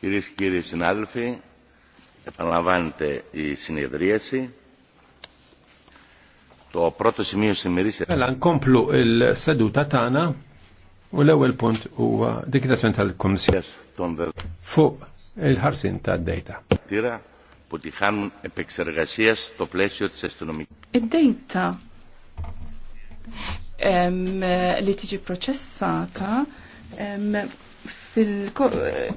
Κυρίες και κύριοι συνάδελφοι, επαναλαμβάνετε η συνεδρίαση. Το πρώτο σημείο στην ημερήσια... Έλα, κόμπλου il-seduta tana u l-ewwel punt huwa dikitazzjoni tal-Kummissjoni fuq il-ħarsin tad-dejta. Tira που τη χάνουν επεξεργασία στο πλαίσιο της αστυνομικής. Id-dejta li tiġi proċessata fil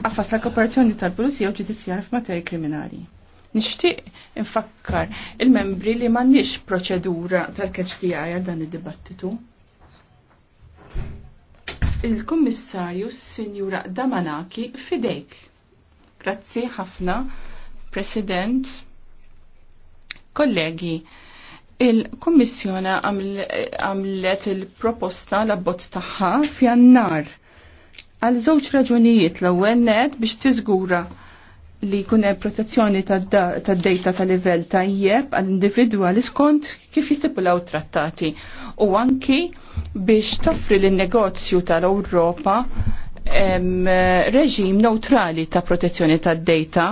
affas tal-kooperazzjoni tal-Pulizija u ġudizzjar f'materji kriminali. Nixtieq infakkar il-membri li m'għandniex proċedura tal-keċ għal dan id-dibattitu. Il-Kummissarju Sinjura Damanaki fidejk. Grazzi ħafna, President, kollegi. Il-Kommissjona għamlet il-proposta l-abbozz tagħha f'jannar għal żewġ raġunijiet l-ewwel net biex tiżgura li jkun hemm protezzjoni tad-dejta ta' livell tajjeb għall individwali skont kif jistipulaw trattati u anki biex toffri lin negozju tal-Ewropa reġim neutrali ta' protezzjoni tad-dejta.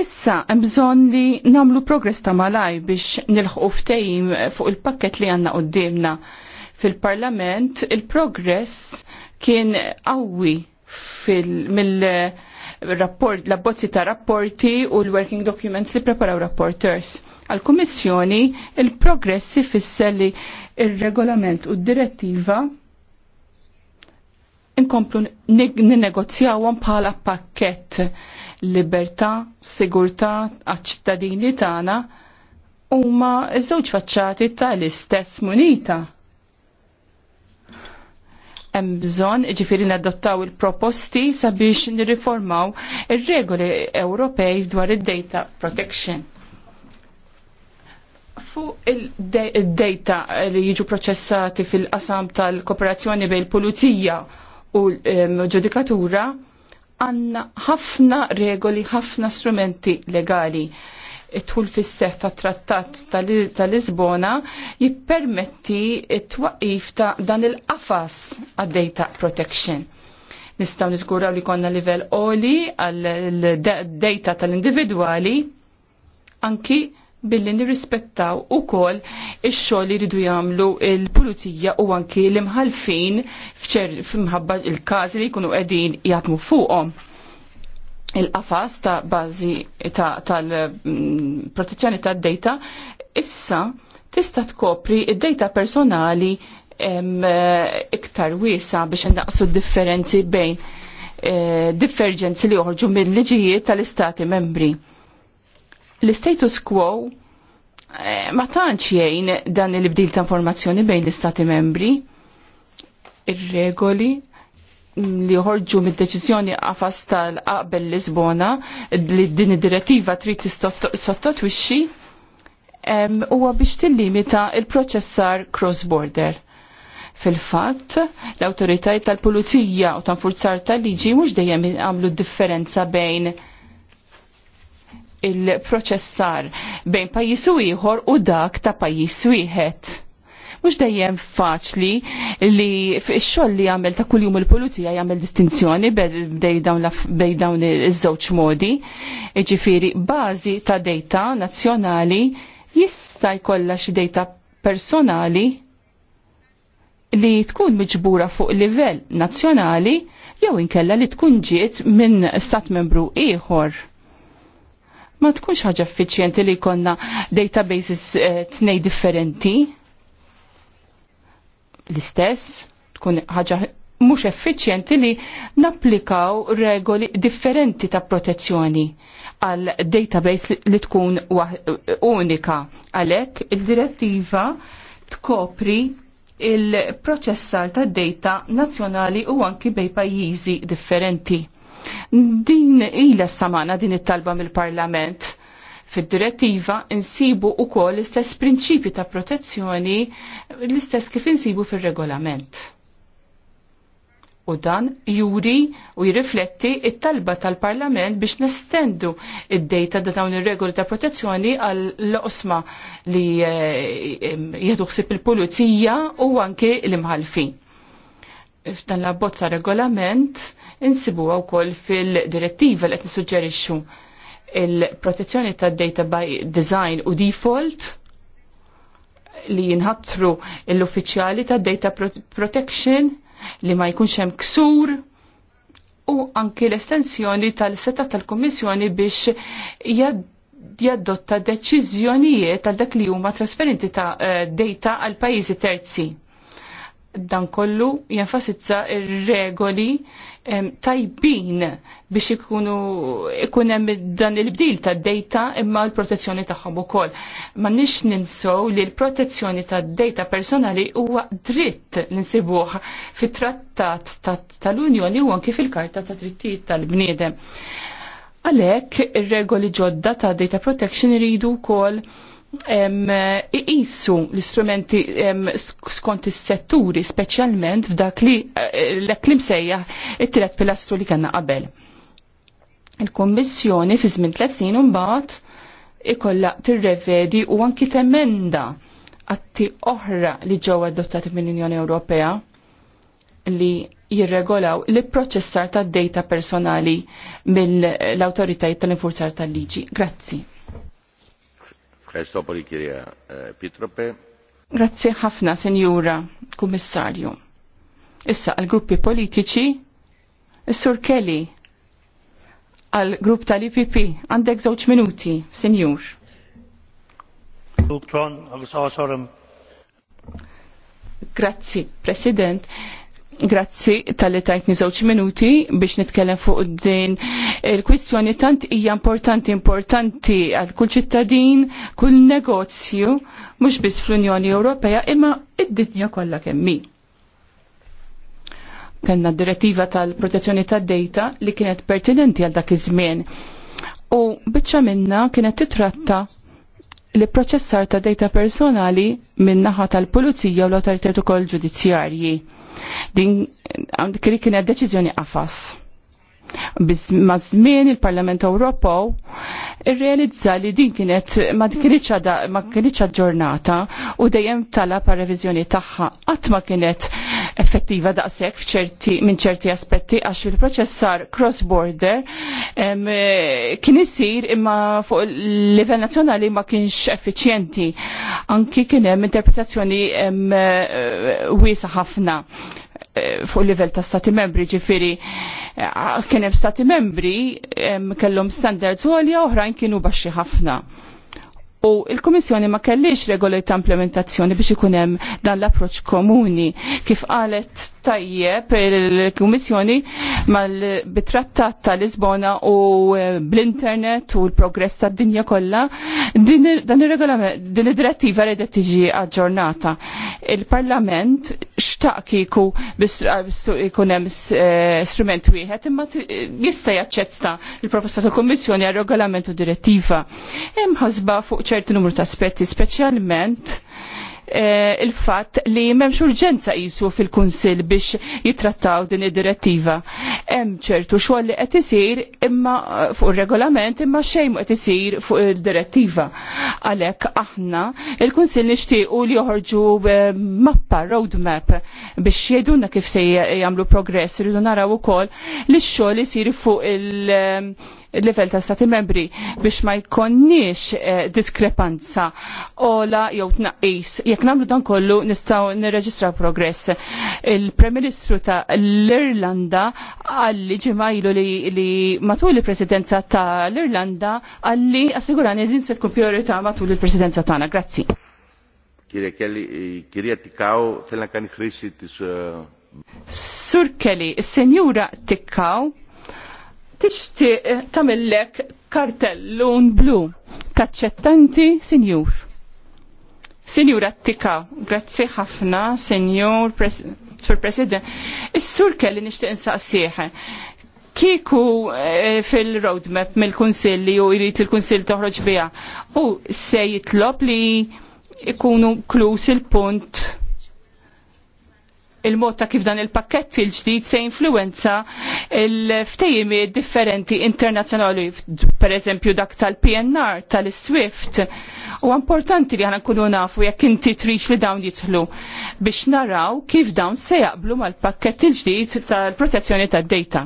Issa hemm bżonn li nagħmlu progress ta' malaj biex nilħqu ftehim fuq il-pakket li għandna qudiemna fil-Parlament il-progress kien qawwi mill-rapport, l-abbozzi ta' rapporti u l-working documents li preparaw rapporters. Għal-Kummissjoni il-progress ifisser li il-regolament u d-direttiva inkomplu ninegozjawhom bħala pakkett libertà, sigurtà għaċ-ċittadini tagħna huma ż-żewġ faċċati tal-istess munita hemm bżonn ġifieri nadottaw il-proposti sabiex nirriformaw ir-regoli Ewropej dwar id-data protection. Fuq il-data li jiġu proċessati fil-qasam tal-kooperazzjoni bejn il-pulizija u l-ġudikatura għanna ħafna regoli, ħafna strumenti legali it-tul fis seħħ ta' trattat tal-Lisbona jippermetti it-twaqif ta' dan il-qafas għad-data protection nistaw niżguraw li konna livell oli għal data tal-individuali anki billi nirrispettaw u kol il-xol li ridu jamlu il-pulizija u anki l-imħalfin f'mħabba il-kazi li jkunu għedin jatmu fuqom il-qafas ta' bażi tal-protezzjoni ta', ta, ta data issa tista' tkopri id-data personali iktar wiesa biex naqsu differenzi bejn eh, li uħorġu mill liġijiet tal-istati membri. L-status quo eh, ma tantx jgħin dan il-bdil ta' informazzjoni bejn l-istati membri ir-regoli li ħorġu mid-deċizjoni għafas tal-qabel Lisbona li din id-direttiva trid sottotwixxi huwa biex tillimita il-proċessar cross-border. Fil-fatt, l-autoritajt tal-pulizija u tal-forzar tal-liġi mhux dejjem għamlu differenza bejn il-proċessar bejn pajjiż ieħor u dak ta' pajjiż wieħed Mhux dejjem faċli li fix-xogħol li jagħmel ta' kuljum il-pulizija jagħmel distinzjoni bej dawn iż-żewġ modi. Jiġifieri bażi ta' data nazzjonali jista' jkollha xi data personali li tkun miġbura fuq livell nazzjonali jew inkella li tkun ġiet minn stat membru ieħor. Ma tkunx ħaġa effiċjenti li jkollna databases eh, tnej differenti l-istess, tkun ħaġa mhux effiċjenti li napplikaw regoli differenti ta' protezzjoni għal database li tkun unika. Għalhekk id-direttiva tkopri il-proċessar ta' data nazzjonali u anki bej pajjiżi differenti. Din ila samana din it-talba mill-Parlament Fid-direttiva insibu kol l-istess prinċipi ta' protezzjoni l-istess kif insibu fir-regolament. U dan juri u jirrifletti it-talba tal-Parlament biex nestendu id-dejta da dawn ir-regoli ta' protezzjoni għal l-osma li eh, jieħdu ħsieb il-pulizija u anke l-imħalfin f'dan l-abbozza regolament insibu wkoll fil-direttiva li qed nissuġġerixxu il-protezzjoni ta' data by design u default li jinħatru l-uffiċjali ta' data protection li ma jkunx hemm ksur u anki l-estensjoni tal-seta tal-Kummissjoni biex jaddotta deċiżjonijiet għal dak li huma trasferenti ta' eh, data għal pajjiżi terzi dan kollu jenfasizza ir-regoli tajbin biex ikunu ikun hemm dan il-bdil ta' data imma l-protezzjoni tagħhom ukoll. Ma nix ninsow li l-protezzjoni ta' data personali huwa dritt li nsibuh fit-trattat tal-Unjoni u anki fil-Karta ta' Drittijiet tal-Bniedem. Għalhekk ir-regoli ġodda ta' data protection iridu wkoll jissu l-istrumenti skont is-setturi speċjalment f'dak li eh, l-eklim sejja it-tret pilastru li kellna qabel. Il-Kommissjoni fi żmien tliet snin imbagħad ikollha tirrevedi u anki temenda atti oħra li ġew adottati mill-Unjoni Ewropea li jirregolaw li proċessar tad data personali mill-autoritajiet tal-infurzar tal-liġi. Grazzi. Grazie ħafna, Senjura Kummissarju. Issa għal gruppi politiċi, Sur Kelly, għal grupp tal-IPP, għandek żewġ minuti, Senjur. Grazie, President. Grazzi tal-li tajtni żewġ minuti biex nitkellem fuq din il-kwistjoni tant hija importanti importanti għal kull ċittadin, kull negozju, mhux biss fl-Unjoni Ewropea imma id-dinja kollha kemm hi. Kenna d-direttiva tal-protezzjoni tad-dejta li kienet pertinenti għal dak iż-żmien. U biċċa minna kienet titratta li proċessar ta' dejta personali min-naħa tal-Pulizija u l-Awtoritajiet ukoll ġudizzjarji Din għandik kienet deċiżjoni qafas. Biz mażmien il-Parlament Ewropew irrealizza li din kienet ma kienitx ġurnata u dejjem tala pa' reviżjoni tagħha qatt ma kienet effettiva daqshekk f'ċerti minn ċerti aspetti għax il proċess sar cross-border eh, kien isir imma fuq il-livell nazzjonali ma kienx effiċjenti. Anki kien hemm interpretazzjoni eh, wiesa ħafna eh, fuq livell ta' stati membri ġifiri kien hemm stati membri kellhom standards għolja oħrajn kienu baxxi ħafna u il-Komissjoni ma kellix regoli ta' implementazzjoni biex ikun hemm dan l-approċ komuni. Kif qalet tajjeb il-Komissjoni bitrattat ta' Lisbona u eh, bl-internet u l-progress ta' dinja kollha dan ir-regolament din id-direttiva redet tiġi aġġornata. Il-Parlament xtaq kieku ah, ikun hemm eh, strument wieħed imma jista' jaċċetta il-proposta tal-Kummissjoni għal regolament u direttiva. Hemm ħasba fuq ċerti numru ta' aspetti, speċjalment Eh, il-fatt li m'hemmx urġenza qisu fil-Kunsill biex jitrattaw din id-direttiva. Hemm ċertu xogħol li qed isir imma eh, fuq ir-regolament imma xejn qed isir fuq id-direttiva. Għalhekk aħna il-Kunsill nixtiequ li joħorġu eh, mappa, roadmap biex jgħidulna kif se jagħmlu progress, irridu naraw ukoll li x-xogħol isir fuq il- level ta' stati membri biex ma jkonniex diskrepanza ola jew tnaqqis Jekk nagħmlu dan kollu nistgħu nirreġistra progress. Il-Prem Ministru ta' l-Irlanda għalli ġimajlu li, li matul il-Presidenza ta' l-Irlanda għalli assigurani din se tkun priorita matul il-Presidenza tagħna. Grazzi. Kirja Kelly, eh, kirja Tikaw, telna kan ħrisi tis. Eh, Sur Kelly, senjura Tikaw, tixtieq tamillek kartellun blu. kacċettanti sinjur. Senjur Attika, grazzi ħafna, senjur, Sur President. Is-sur kelli nixtieq insaqsieħ. Kieku eh, fil-roadmap mill kunsilli u jrid il-Kunsill toħroġ biha u se jitlob li ikunu klus il-punt il-mod ta' kif dan il-pakket il-ġdid se influenza il-ftejimi differenti internazzjonali, per eżempju dak tal-PNR, tal-SWIFT, U importanti li ħana kunu nafu jekk inti trix li dawn jitħlu biex naraw kif dawn se jaqblu mal-pakket il-ġdid tal-protezzjoni tad-data.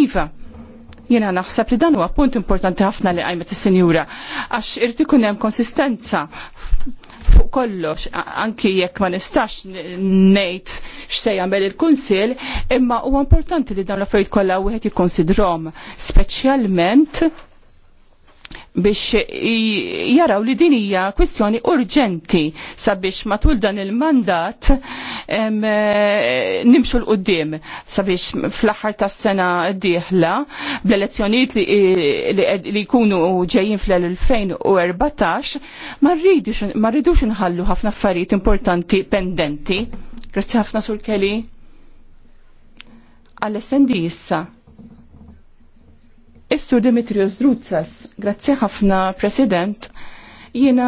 Iva, jena naħseb li dan huwa punt importanti ħafna li għajmet is-senjura, għax irti kun hemm konsistenza fuq kollox, anki jekk ma nistax ngħid x'se jagħmel il-kunsil, imma huwa importanti li dawn l-affarijiet kollha wieħed jikkonsidrom, speċjalment biex jaraw li din hija kwistjoni urġenti sabiex matul dan il-mandat eh, nimxu l-qoddim sabiex fl-aħħar tas-sena d-dieħla bl-elezzjonijiet li jkunu ġejjin fl-2014 ma rridux nħallu ħafna affarijiet importanti pendenti. Grazzi ħafna sur Kelly. Għal-SND issa. Istur Dimitrios Drutzas, grazzi ħafna, President, jiena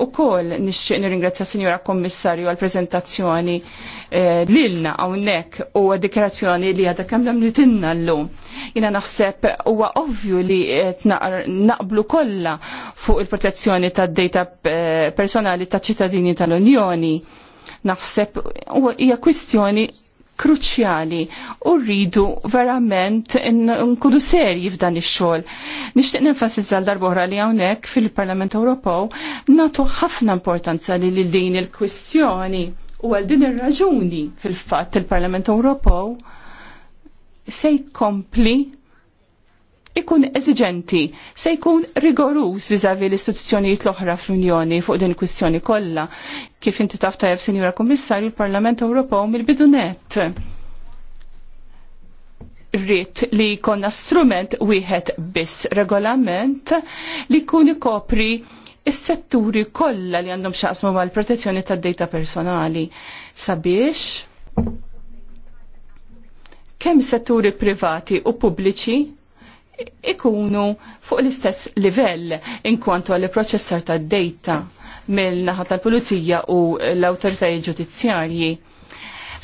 u kol nixxieq nirringrazzja Sinjora Kommissarju għal prezentazzjoni eh, lilna hawnhekk u dikjarazzjoni li għadha kemm l-amlitinna Jina Jiena naħseb huwa ovvju li naqblu kollha fuq il-protezzjoni tad-data eh, personali taċ ċittadini tal-Unjoni. Naħseb hija kwistjoni kruċjali u rridu verament nkunu serji f'dan ix-xogħol. Nixtieq nenfasizza l darbohra li hawnhekk fil-Parlament Ewropew nagħtu ħafna importanza li lil din il-kwistjoni u għal din ir-raġuni fil-fatt il-Parlament Ewropew se jkompli ikun eżiġenti, se jkun rigoruż viżavi l-istituzzjonijiet l-oħra fl-Unjoni fuq din kwistjoni kollha. Kif inti taf tajjeb, Sinjura Kummissarju, l parlament Ewropew mill-bidunet rrit li jkollna strument wieħed biss regolament li jkun ikopri is-setturi kollha li għandhom xaqsmu mal-protezzjoni tad-data personali. Sabiex? Kemm setturi privati u pubbliċi ikunu fuq l-istess livell inkwantu għall proċessar ta' data mill-naħa tal-Pulizija u l-Awtoritajiet Ġudizzjarji.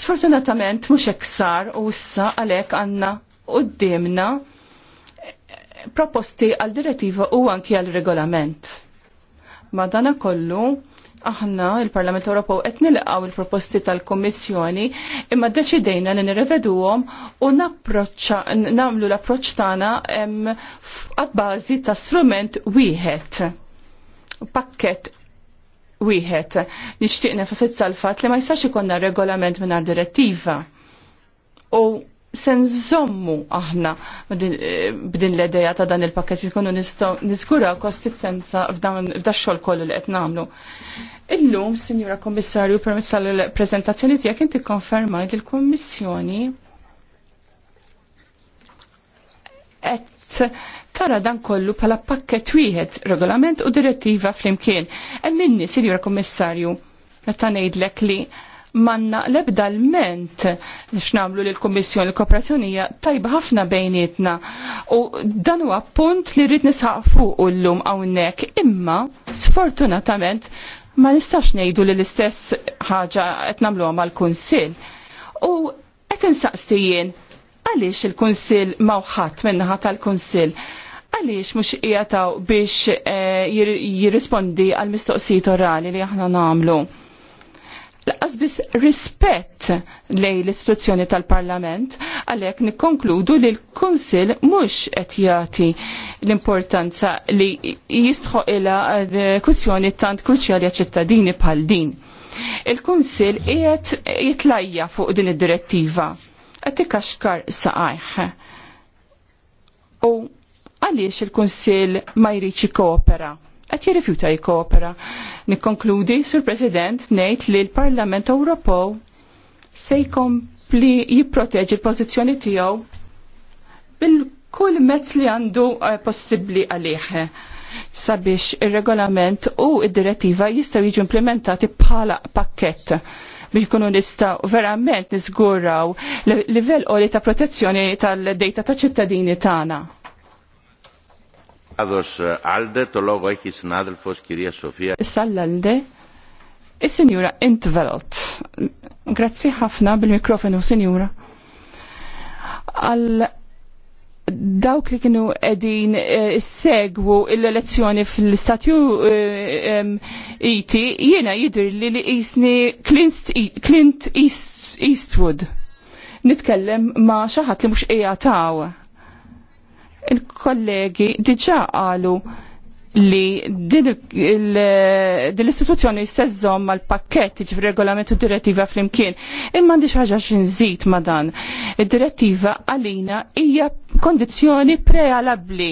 Sfortunatament mhux hekk sar u issa għalhekk għandna quddiemna proposti għal direttiva u anki għal regolament. Madana kollu aħna il-Parlament Ewropew qed nilqgħu il-proposti tal-Kummissjoni imma ddeċidejna li nirreveduhom u nagħmlu l-approċċ tagħna għabbażi ta' strument wieħed. Pakket wieħed. Nixtieq nefasizza l-fatt li ma jistax ikollna regolament mingħajr direttiva. U sen zommu aħna b'din l-edeja ta' dan il-pakket jikunu niskura kostizenza f'da xol kollu li qed nagħmlu. Illum, Sinjura Kommissarju, permezz tal-prezentazzjoni tiegħek inti konfermajt il-Kummissjoni qed tara dan kollu bħala pakket wieħed, regolament u direttiva flimkien. Hemm minni, Sinjura Kommissarju, meta ngħidlek li manna lebda l-ment x'namlu lil kummissjoni l-kooperazzjonija tajba ħafna bejnietna. U dan huwa punt li rrid nisħaq fuq llum hawnhekk, imma sfortunatament ma nistax ngħidu li l-istess ħaġa qed nagħmluha mal-kunsill. U qed insaqsijien għaliex il-kunsill mawħat naħa tal-kunsill għaliex mux jgħataw biex eh, jirrispondi għal mistoqsijiet orali li aħna namlu laqas biss rispett lej l-istituzzjoni tal-Parlament għalhekk nikkonkludu li l-Kunsill mhux qed jagħti l-importanza li jistħoq ilha kwistjoni tant kruċjali ċittadini bħal din. Il-Kunsill qiegħed jitlajja fuq din id-direttiva qed ikaxkar saqajh. U għaliex il-Kunsill ma jridx ikkopera? qed jirrifjuta jikopera. Nikkonkludi, Sur President, ngħid li l-Parlament Ewropew se jkompli jipproteġi l-pożizzjoni tiegħu bil-kull mezz li għandu eh, possibbli għalih sabiex il-regolament u id-direttiva jistaw jiġu implementati bħala pakket biex kunu nistaw verament nizguraw livell oli ta' protezzjoni tal-dejta ta' ċittadini tagħna. Issa eh, l sinjura Intvelt. Grazzi ħafna bil-mikrofonu, Sinjura. Għal dawk li kienu edin eh, segwu l-elezzjoni fil stati Uniti, eh, jiena jidr li li jisni Clint e, Eastwood. Nitkellem ma xaħat li mux ija tawa Il-kollegi diġa qalu li din l-istituzzjoni sezzom mal pakket iġ regolamentu direttiva fl-imkien. Imma għandi ħaġa xinżit ma dan. Id-direttiva għalina hija kondizjoni prealabli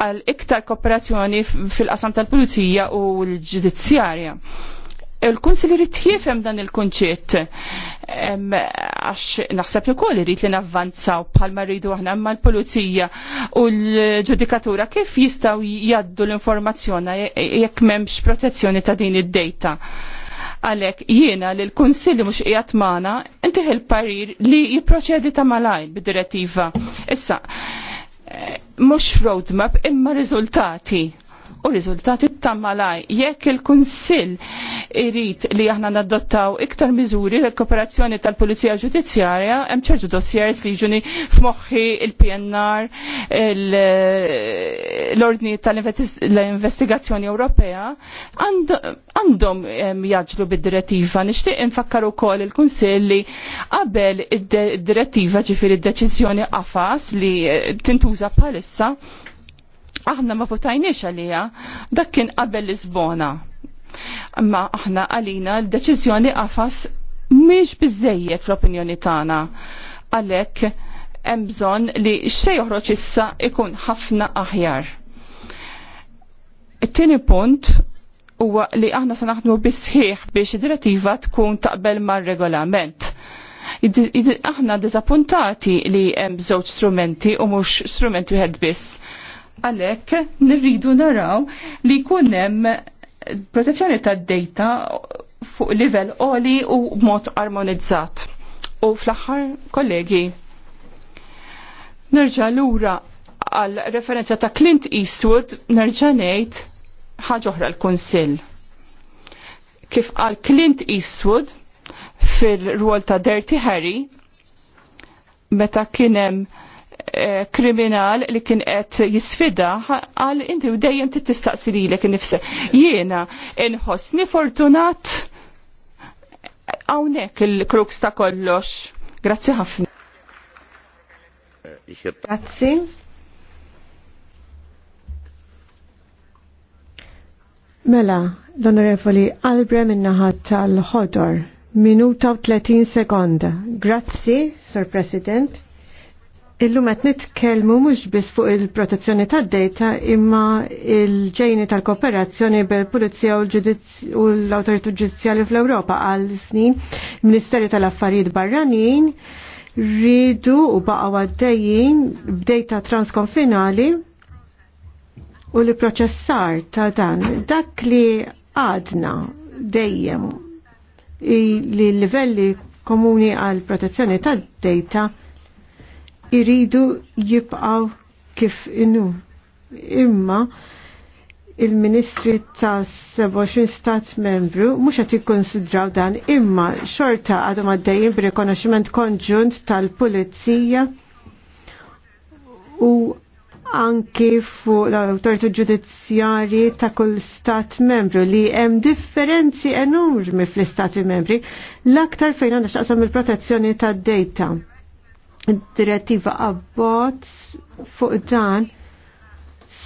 għal iktar kooperazzjoni fil-qasam tal-pulizija u l-ġudizzjarja il-Kunsil irid jifem dan il kunċiet Għax naħseb ukoll irid li navvanzaw bħalma rridu aħna imma l-pulizija u l-ġudikatura kif jistgħu jgħaddu l-informazzjoni jekk m'hemmx protezzjoni ta' din id-dejta. Għalek, jiena li l-Kunsil li mux ijat maħna, inti parir li jiproċedi ta' malajn bid-direttiva. Issa, eh, mux roadmap imma riżultati u riżultati tammalaj jekk il-Kunsill irrit li aħna nadottaw iktar miżuri l kooperazzjoni tal-Pulizija Ġudizzjarja hemm ċertu dossiers li jġuni f'moħħi il-PNR l-ordni tal-investigazzjoni Ewropea għandhom jaġlu bid-direttiva nixtieq infakkar ukoll il-Kunsill li qabel id-direttiva ġifieri d-deċiżjoni qafas li eh, tintuża bħalissa aħna ma votajniex għalija, dak kien qabel Lisbona. Ma aħna għalina l-deċiżjoni għafas miex bizzejiet fl-opinjoni tagħna. Għalhekk hemm bżonn li xejn joħroġ issa ikun ħafna aħjar. It-tieni punt huwa li aħna se bisħiħ biex id-direttiva tkun taqbel mar-regolament. Aħna dizappuntati li hemm żewġ strumenti u mhux strument wieħed biss Għalek nirridu naraw li kunem protezzjoni ta' data fuq livell oli u mod armonizzat. U fl-axar, kollegi, nerġa lura għal referenza ta' Clint Eastwood nerġa' ngħid ħaġa oħra l-Kunsill. Kif għal Clint Eastwood fil-rwol ta' Dirty Harry meta kien hemm Eh, kriminal li kien qed jisfida għal inti u dejjem tistaqsi lilek nifse. Jiena inħossni fortunat hawnhekk il-kruks ta' kollox. Grazzi ħafna. Eh, Grazzi. Mela, l-Onorevoli Albre minnaħat tal-ħodor. Minuta u 30 sekonda. Grazzi, Sir President. Illum qed nitkellmu mhux biss fuq il-protezzjoni tad-data imma il-ġejni tal-kooperazzjoni bil-Pulizija u l awtoritu Ġudizzjali fl-Ewropa għal snin Ministeri tal-Affarijiet Barranin ridu u baqgħu għaddejjin b'dejta transkonfinali u li proċessar ta' dan dak li għadna dejjem li livelli komuni għal protezzjoni tad-data iridu jibqaw kif inu. Imma il-ministri ta' 27 stat membru mhux qed jikkonsidraw dan imma xorta għadhom għaddejjin b'rikonoxximent konġunt tal-pulizija u anki fuq l-autorita ġudizzjari ta' kull stat membru li hemm differenzi enormi fl-istati membri l-aktar fejn għandha xaqsam il-protezzjoni tad data direttiva abbot fuq dan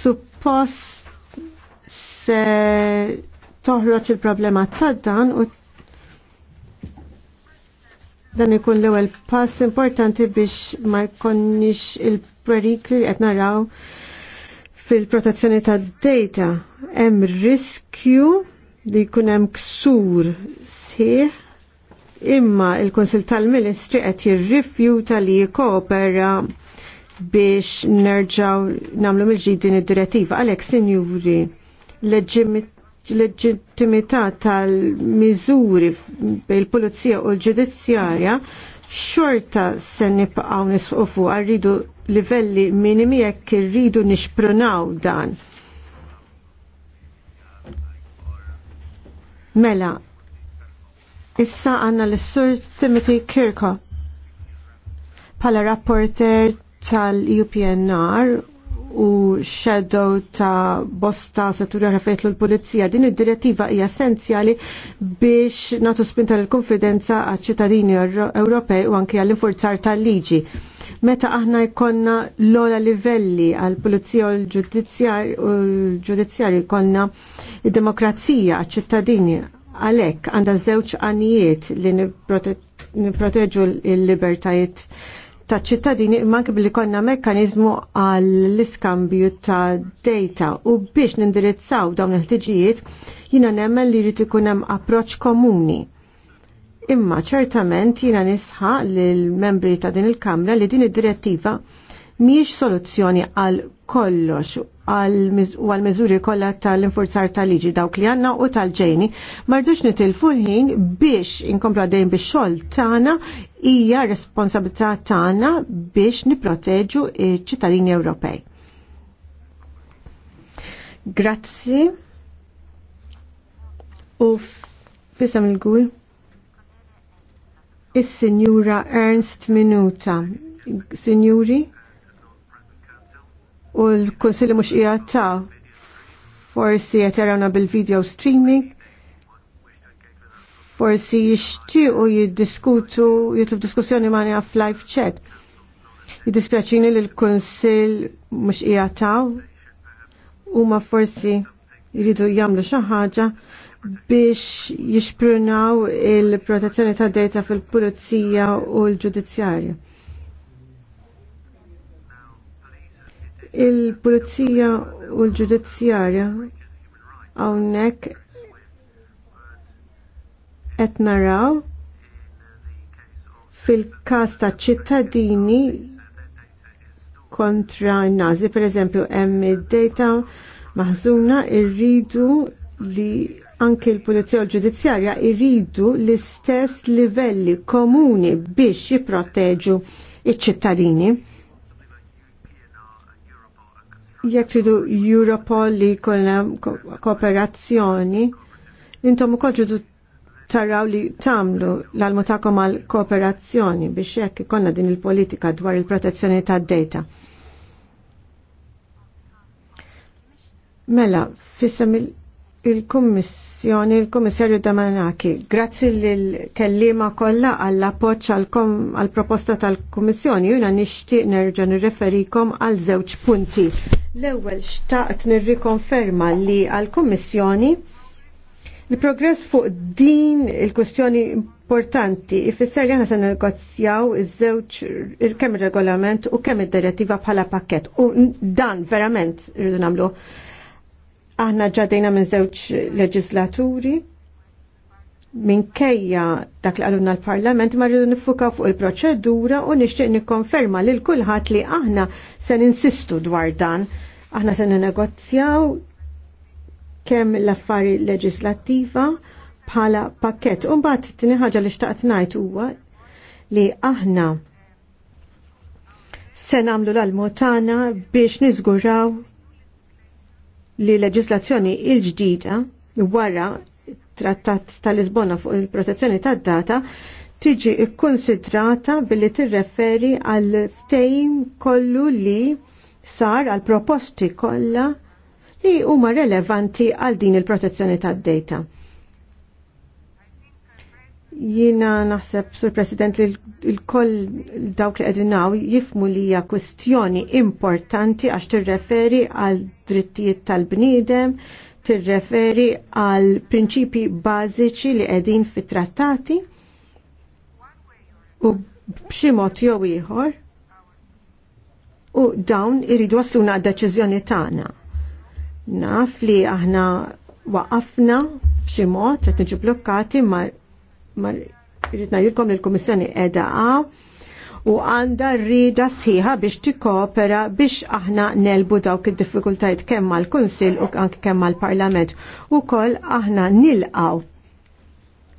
suppost se toħroġ il-problema ta' dan u dan ikun l-ewwel pass importanti biex ma jkunniex il-perikli qed naraw fil-protezzjoni tad-data hemm riskju li jkun hemm ksur sħiħ imma il-Konsil tal-Ministri qed jirrifjuta li jikopera biex nerġaw namlu mill-ġid din id-direttiva. Għalhekk, sinjuri, leġittimità tal-miżuri bil-Pulizija u l-Ġudizzjarja xorta se nibqgħu nisqu fuq rridu livelli minimi jekk irridu nixprunaw dan. Mela, Issa għanna l-Sur Timothy Kirko pala rapporter tal-UPNR u shadow ta' bosta settura rafet l-Polizija. Din id-direttiva hija essenzjali biex natu spinta l-konfidenza għal ċittadini Ewropej u anke għall infurzar tal-liġi. Meta aħna jkonna l-ola livelli għal pulizija u l-ġudizzjari konna id-demokrazija għal ċittadini Għalek, għanda zewċ għanijiet li niproteġu l-libertajiet ta' ċittadini imma mank billi konna mekkanizmu għall-iskambju ta' data u biex nindirizzaw dawn il-ħtiġijiet jina nemmen li jrid ikun hemm approċċ komuni. Imma ċertament jina nisħa lill membri ta' din il-Kamra li din id-direttiva miex soluzzjoni għal kollox u għal meżuri kollha tal-infurzar tal-liġi dawk li għanna u tal-ġejni. Mardux nitilfu l-ħin biex inkomplu għaddejn biex xogħol tagħna hija responsabilità tagħna biex niproteġu ċ-ċittadini Ewropej. Grazzi. U fissam il-gul. Is-Sinjura Ernst Minuta. Sinjuri, u l-Konsilli mhux qiegħed ta' forsi qed bil-video streaming forsi jixtiequ jiddiskutu jitlu diskussjoni għaf live chat. Jiddispjaċini li l-Kunsill mhux qiegħed taw huma forsi jridu jagħmlu xi ħaġa biex jixprunaw il-protezzjoni ta' data fil-pulizija u l-ġudizzjarju. Il-Pulizija u l-Ġudizzjarja hawnhekk qed naraw fil-każ ta' ċittadini kontra n-nazi, per eżempju, hemm id-data maħżuna irridu li anke l-Pulizija u l-Ġudizzjarja irridu l-istess livelli komuni biex jipproteġu iċ-ċittadini jekk tridu Europol li kollha kooperazzjoni, intom ukoll tridu taraw li tamlu l-almu takom għal kooperazzjoni biex jekk ikonna din il-politika dwar il-protezzjoni ta' data. Mela, fissam il-Kummissjoni kummissjoni l-Kummissarju Damanaki. Grazzi l-kellima kollha għall appoġġ għall proposta tal-Kummissjoni. Juna nixtieq nerġa' nirreferikom għal żewġ punti. L-ewwel xtaqt nirrikonferma li għall-Kummissjoni il-progress fuq din il kustjoni importanti ifisser li se negozjaw iż-żewġ kemm ir-regolament u kemm id-direttiva bħala pakkett. U dan verament rridu nagħmlu Aħna ġadejna minn żewġ leġislaturi minkejja dak li għalunna l-Parlament ma rridu nifuka fuq il-proċedura u nixtieq nikkonferma lil kulħadd li aħna se insistu dwar dan. Aħna se negozjaw kemm l-affari leġislattiva bħala pakket. U mbagħad tieni ħaġa li xtaqt ngħid huwa li aħna se nagħmlu l-almotana biex niżguraw li leġislazzjoni il-ġdida wara trattat tal-Lisbona fuq il-protezzjoni tad-data tiġi ikkonsidrata billi tirreferi għal ftejn kollu li sar għal proposti kollha li huma relevanti għal din il-protezzjoni tad-data. Jina naħseb, Sur President, il-koll dawk li għedinaw jifmu li hija kustjoni importanti għax tirreferi għal drittijiet tal-bniedem, tirreferi għal prinċipi bażiċi li qegħdin fit-trattati u b'xi mod jew ieħor u dawn iridu wasluna d-deċiżjoni tagħna. Naf li aħna waqafna b'xi mod qed niġu blokkati ma' Rritna jirkom il-Komissjoni edaqa u għanda rrida sħiħa biex tikkopera biex aħna nelbu dawk id-diffikultajt kemm mal konsil u anke kemm mal-Parlament u koll aħna nilqaw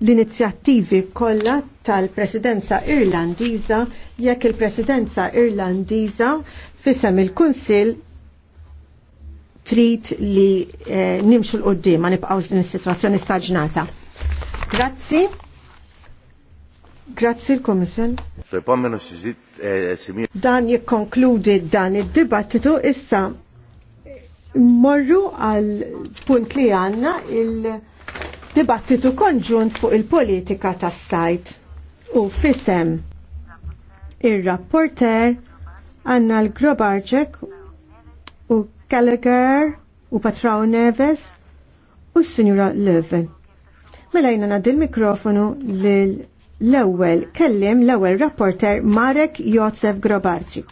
l-inizjattivi kollha tal-Presidenza Irlandiża jekk il-Presidenza Irlandiża fisem il kunsill trid li eh, nimxu l-qoddim ma nibqgħux din is-sitwazzjoni staġnata. Grazzi. Grazzi l-Komissjon. Eh, eh, dan jikkonkludi dan id-dibattitu issa morru għal punt li għanna il-dibattitu konġunt fuq il-politika tas sajt u fisem il-rapporter għanna l-Grobarġek u Gallagher u Patrao Neves u s-Sinjura Löwen. Mela jina nad il-mikrofonu lil l-ewwel kellim l-ewwel rapporter Marek Josef Grobarczyk.